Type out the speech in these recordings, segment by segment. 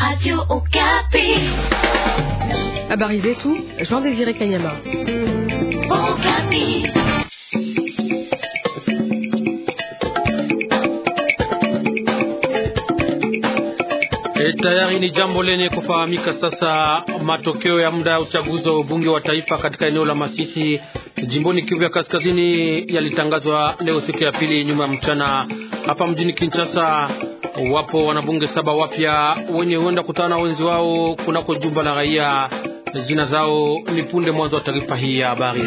Radio Okapi. Habari zetu Jean Désiré Kanyama. Okapi. E, tayari ni jambo lenye kufahamika sasa matokeo ya muda ya uchaguzi wa ubunge wa taifa katika eneo la Masisi jimboni Kivu ya Kaskazini yalitangazwa leo siku ya pili nyuma ya mchana hapa mjini Kinshasa. Wapo wanabunge saba wapya wenye huenda kutana na wenzi wao kunako jumba la raia. Jina zao ni punde mwanzo wa taarifa hii ya habari.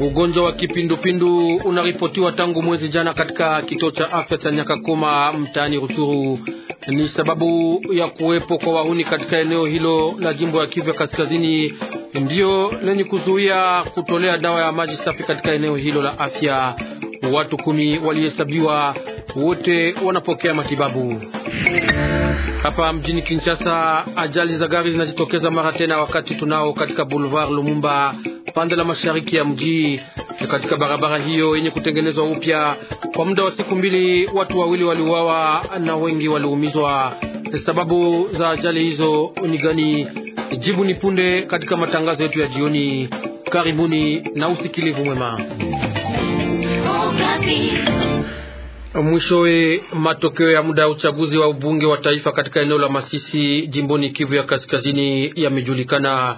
Ugonjwa wa kipindupindu unaripotiwa tangu mwezi jana katika kituo cha afya cha Nyakakoma mtaani rusuru Ni sababu ya kuwepo kwa wahuni katika eneo hilo la jimbo ya Kivu ya Kaskazini ndiyo lenye kuzuia kutolea dawa ya maji safi katika eneo hilo la afya. Watu kumi walihesabiwa wote wanapokea matibabu. Hapa mjini Kinshasa, ajali za gari zinajitokeza mara tena wakati tunao katika Boulevard Lumumba, pande la mashariki ya mji. Katika barabara hiyo yenye kutengenezwa upya kwa muda wa siku mbili, watu wawili waliuawa na wengi waliumizwa. Sababu za ajali hizo ni gani? Jibu ni punde katika matangazo yetu ya jioni. Karibuni na usikilivu mwema. Mwishowe, matokeo ya muda ya uchaguzi wa ubunge wa taifa katika eneo la Masisi jimboni Kivu ya kaskazini yamejulikana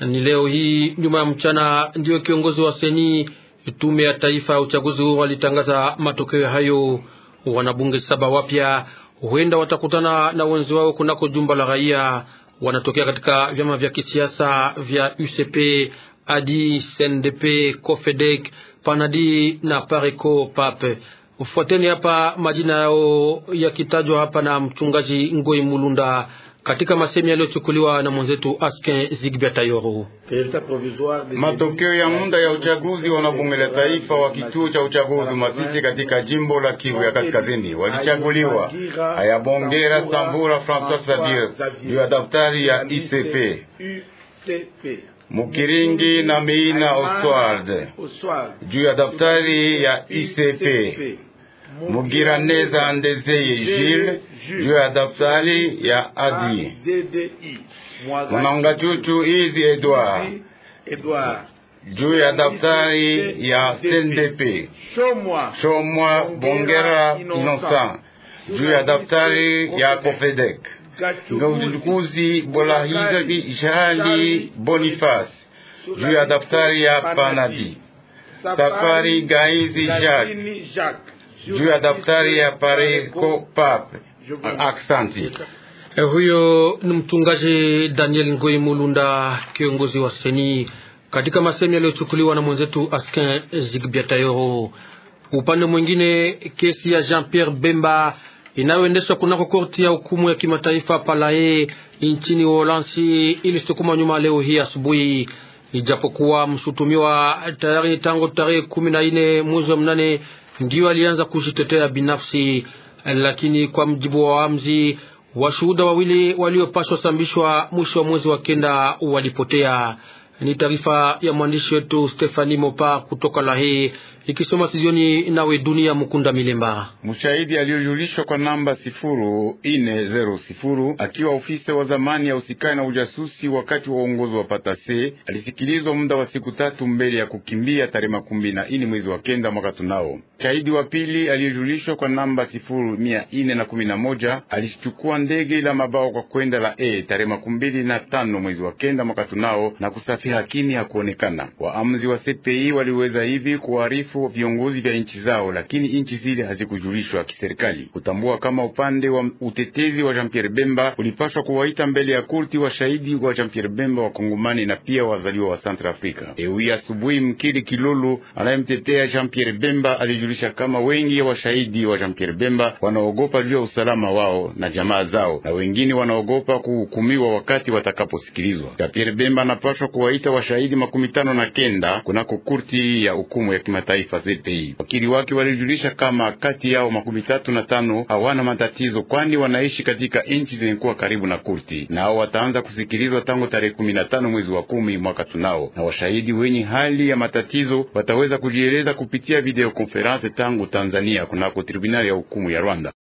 ni leo hii nyuma ya mchana. Ndiyo kiongozi wa seni tume ya taifa ya uchaguzi huo walitangaza matokeo hayo. Wanabunge saba wapya huenda watakutana na wenzi wao kunako jumba la raia. Wanatokea katika vyama vya kisiasa vya UCP, ADI, CNDP, COFEDEC, PANADI na PARECO PAPE. Ufuateni hapa majina yao yakitajwa hapa na mchungaji Ngoi Mulunda katika masemi yaliyochukuliwa na mwenzetu Askin Zigbia Tayoro. Matokeo ya muda ya uchaguzi, wanabunge la taifa wa kituo cha uchaguzi Masisi katika jimbo la Kivu ya Kaskazini walichaguliwa Ayabongera Sambura Francois Xavier juu ya daftari ya ICP Mukiringi na Miina Oswald juu ya daftari ya ICP Mugiraneza Ndezeye Jile juu ya daftari ya adi Mwananga Chuchu Izi Edward juu ya daftari ya CNDP Shomwa Bongera Innocent juu ya daftari ya Kofedek Ngaudukuzi Bolahizabi Jali Boniface juu ya daftari ya Panadi Safari Gaizi Jacques juu ya daftari ya Pareco Pape. Aksanti. Eh, huyo ni mtungaji Daniel Ngoi Mulunda, kiongozi wa Seni, katika masemi yaliyochukuliwa na mwenzetu Askin Zigbiatayoro. Upande mwingine, kesi ya Jean Pierre Bemba inayoendeshwa kunako korti ya hukumu ya kimataifa Palae nchini Uholanzi ilisukuma nyuma leo hii asubuhi, ijapokuwa mshutumiwa tayari tangu tarehe kumi na nne mwezi wa mnane ndio alianza kujitetea binafsi, lakini kwa mjibu wa amzi washuhuda wawili waliopaswa sambishwa mwisho wa mwezi wa kenda walipotea. Ni taarifa ya mwandishi wetu Stefani Mopa kutoka Lahii ikisoma sizioni nawe dunia mukunda milemba. Mshahidi aliyojulishwa kwa namba sifuru ine zero sifuru akiwa ofisa wa zamani ya usikani na ujasusi wakati wa uongozi wa Patase alisikilizwa muda wa siku tatu mbele ya kukimbia tarehe makumi na ine mwezi wa kenda mwaka tunao. Shahidi wa pili aliyojulishwa kwa namba sifuru mia ine na kumi na moja alichukua ndege ila mabao kwa kwenda la e tarehe makumi mbili na tano mwezi wa kenda mwaka tunao na kusafiri, lakini hakuonekana. Waamuzi wa CPI waliweza hivi kuarifu kuarifu viongozi vya nchi zao, lakini nchi zile hazikujulishwa kiserikali kutambua kama upande wa utetezi wa Jean Pierre Bemba ulipaswa kuwaita mbele ya kurti washahidi wa Jean Pierre Bemba wa Kongomani na pia wazaliwa wa Central Africa. Ewi asubuhi, Mkili Kilulu anayemtetea Jean Pierre Bemba alijulisha kama wengi ya washahidi wa Jean Pierre Bemba wanaogopa juu ya usalama wao na jamaa zao, na wengine wanaogopa kuhukumiwa wakati watakaposikilizwa. Jean Pierre Bemba anapaswa kuwaita washahidi makumi tano na kenda kunako kurti ya hukumu ya kimataifa taifa ZPI. Wakili wake walijulisha kama kati yao makumi tatu na tano hawana matatizo, kwani wanaishi katika nchi zenye kuwa karibu na kurti, nao wataanza kusikilizwa tangu tarehe kumi na tano mwezi wa kumi mwaka tunao, na washahidi wenye hali ya matatizo wataweza kujieleza kupitia konferanse tangu Tanzania kunako tribunali ya hukumu ya Rwanda.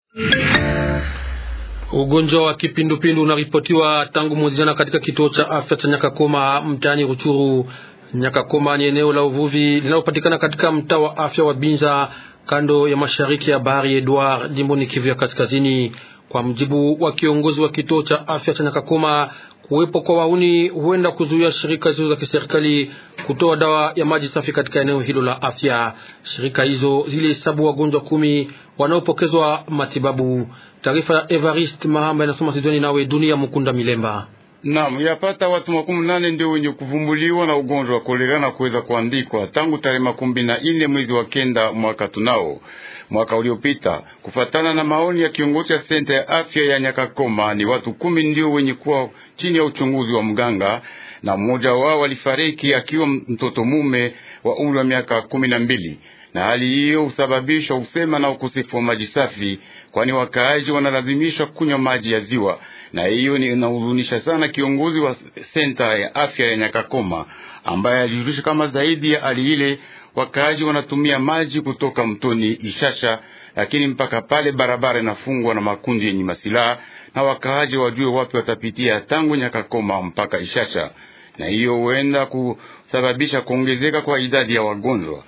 Ugonjwa wa kipindupindu unaripotiwa tangu mwezi jana katika kituo cha afya cha Nyakakoma mtaani Ruchuru. Nyakakoma ni eneo la uvuvi linalopatikana katika mtaa wa afya wa Binza kando ya mashariki ya bahari Edward jimboni Kivu ya kaskazini. Kwa mjibu wa kiongozi wa kituo cha afya cha Nyakakoma, kuwepo kwa wauni huenda kuzuia shirika hizo za kiserikali kutoa dawa ya maji safi katika eneo hilo la afya. Shirika hizo zilihesabu wagonjwa kumi wanaopokezwa matibabu. Taarifa ya Evarist Mahamba inasoma Sidoni nawe Dunia Mukunda Milemba. Naam, yapata watu makumi nane ndio wenye kuvumbuliwa na ugonjwa wa kolera na kuweza kuandikwa tangu tarehe makumi na ine mwezi wa kenda mwaka tunao mwaka uliopita. Kufatana na maoni ya kiongozi ya senta ya afya ya Nyakakoma, ni watu kumi ndio wenye kuwa chini ya uchunguzi wa mganga na mmoja wao alifariki akiwa mtoto mume wa umri wa miaka kumi na mbili na hali hiyo husababisha usema na ukosefu wa maji safi, kwani wakaaji wanalazimishwa kunywa maji ya ziwa, na hiyo inahuzunisha sana kiongozi wa senta ya afya ya Nyakakoma ambaye alijulisha kama zaidi ya hali ile wakaaji wanatumia maji kutoka mtoni Ishasha, lakini mpaka pale barabara inafungwa na makundi yenye masilaha, na wakaaji wajue wapi watapitia tangu Nyakakoma mpaka Ishasha, na hiyo huenda kusababisha kuongezeka kwa idadi ya wagonjwa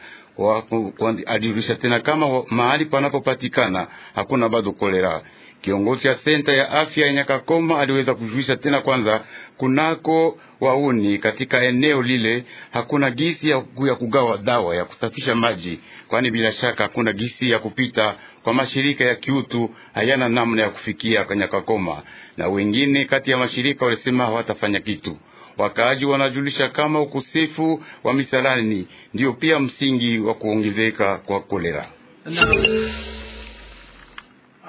alijulisha tena kama mahali panapopatikana hakuna bado kolera. Kiongozi ya senta ya afya ya Nyakakoma aliweza kujulisha tena kwanza kunako wauni katika eneo lile hakuna gisi ya kugawa dawa ya kusafisha maji, kwani bila shaka hakuna gisi ya kupita kwa mashirika ya kiutu hayana namna ya kufikia Nyakakoma, na wengine kati ya mashirika walisema hawatafanya kitu. Wakaaji wanajulisha kama ukosefu wa misalani ndiyo pia msingi wa kuongezeka kwa kolera.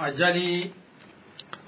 Ajali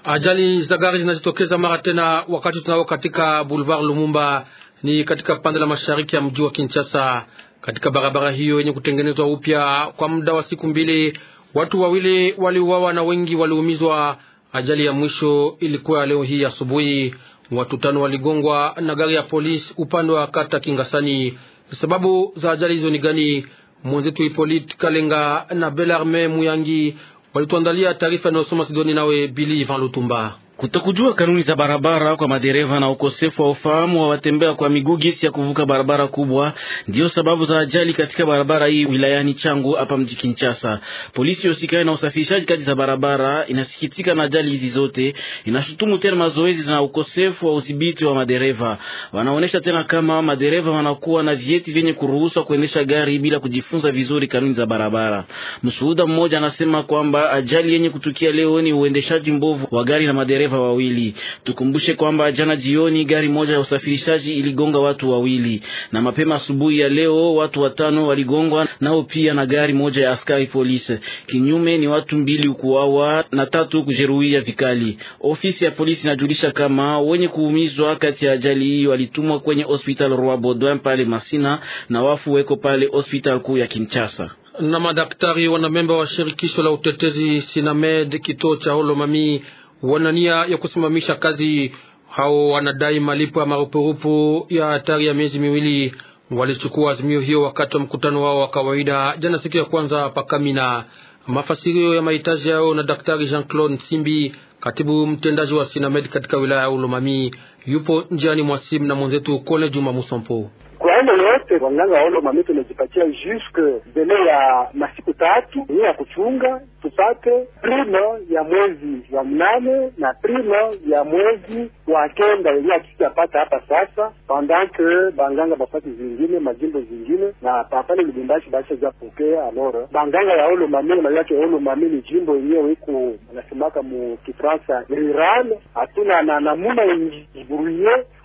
ajali za gari zinazotokeza mara tena wakati tunao katika Boulevard Lumumba ni katika pande la mashariki ya mji wa Kinshasa. Katika barabara hiyo yenye kutengenezwa upya kwa muda wa siku mbili, watu wawili waliuawa na wengi waliumizwa. Ajali ya mwisho ilikuwa leo hii asubuhi. Watu tano waligongwa na gari ya polisi upande wa kata Kingasani. Sababu za ajali hizo ni gani? Mwenzetu Hipolit Kalenga na Belarme Muyangi walituandalia taarifa inayosoma Sidoni nawe Bili Van Lutumba. Kutokujua kanuni za barabara kwa madereva na ukosefu wa ufahamu wa watembea kwa miguu gisi ya kuvuka barabara kubwa ndiyo sababu za ajali katika barabara hii wilayani Changu hapa mji Kinshasa. Polisi yosikae na usafirishaji kati za barabara inasikitika na ajali hizi zote, inashutumu tena mazoezi na ukosefu wa udhibiti wa madereva. Wanaonesha tena kama madereva wanakuwa na vieti vyenye kuruhuswa kuendesha gari bila kujifunza vizuri kanuni za barabara. Mshuhuda mmoja anasema kwamba ajali yenye kutukia leo ni uendeshaji mbovu wa gari na madereva madereva wawili. Tukumbushe kwamba jana jioni gari moja ya usafirishaji iligonga watu wawili, na mapema asubuhi ya leo watu watano waligongwa nao pia na gari moja ya askari polisi. Kinyume ni watu mbili kuuawa na tatu kujeruhiwa vikali. Ofisi ya polisi inajulisha kama wenye kuumizwa kati ya ajali hii walitumwa kwenye hospital Roi Baudouin pale Masina na wafu weko pale hospital kuu ya Kinshasa na madaktari memba wa shirikisho la utetezi Sinamed kituo cha Holomami wana nia ya kusimamisha kazi. Hao wanadai malipo ya marupurupu ya hatari ya miezi miwili. Walichukua azimio hiyo wakati wa mkutano wao wa kawaida jana, siku ya kwanza Kamina. Mafasirio ya mahitaji yao na Daktari Jean-Claude Simbi, katibu mtendaji wa Sinamed katika wilaya ya Ulomami, yupo njiani mwa simu na mwenzetu kole Juma Musompo. Kwa endo yote wanganga waoloma mi tunajipatia jusque mbele ya masiku tatu ni ya kuchunga tupate primo ya mwezi wa mnane na primo ya mwezi wa kenda yenye akisiapata hapa sasa, pendant que banganga bafati zingine majimbo zingine na papale Lubumbashi bashazapokea alor banganga ya olomami maake olomami ni jimbo yenyewe iko nasemaka mu Kifransa rural hatuna na namuna yenye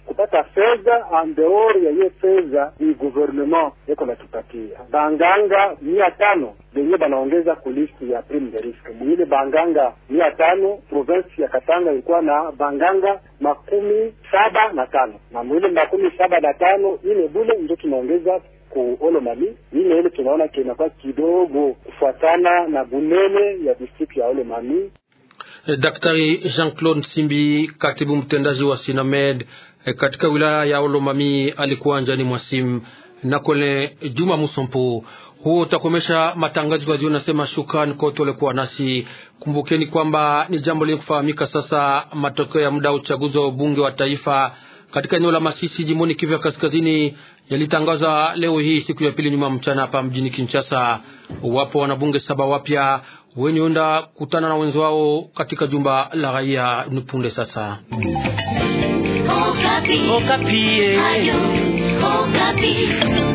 kupata fedha andeori ya hiyo fedha ni gouvernement eko natupatia banganga mia tano benye banaongeza kulisti ya prime de risque mwile banganga mia tano. Province ya Katanga ilikuwa na banganga makumi saba na tano na mwile makumi saba na tano ile bule ndio tunaongeza kuolomami ile ile tunaona kinakuwa kidogo kufuatana na bunene ya district ya Olomami. Daktari Jean-Claude Simbi, katibu mtendaji wa Sinamed eh, katika wilaya ya Olomami, alikuwa njani mwasim na kole Juma Musompo. Huo utakomesha matangazo kwa jioni. Nasema shukrani kote walikuwa nasi. Kumbukeni kwamba ni jambo lenye kufahamika sasa, matokeo ya muda wa uchaguzi wa ubunge wa taifa katika eneo la Masisi jimboni Kivu ya Kaskazini yalitangaza leo hii siku ya pili nyuma mchana hapa mjini Kinshasa. Wapo wanabunge saba wapya wenye enda kutana na wenzi wao katika jumba la raia ni punde sasa. Okapi. Okapi. Eh. Ayu, Okapi.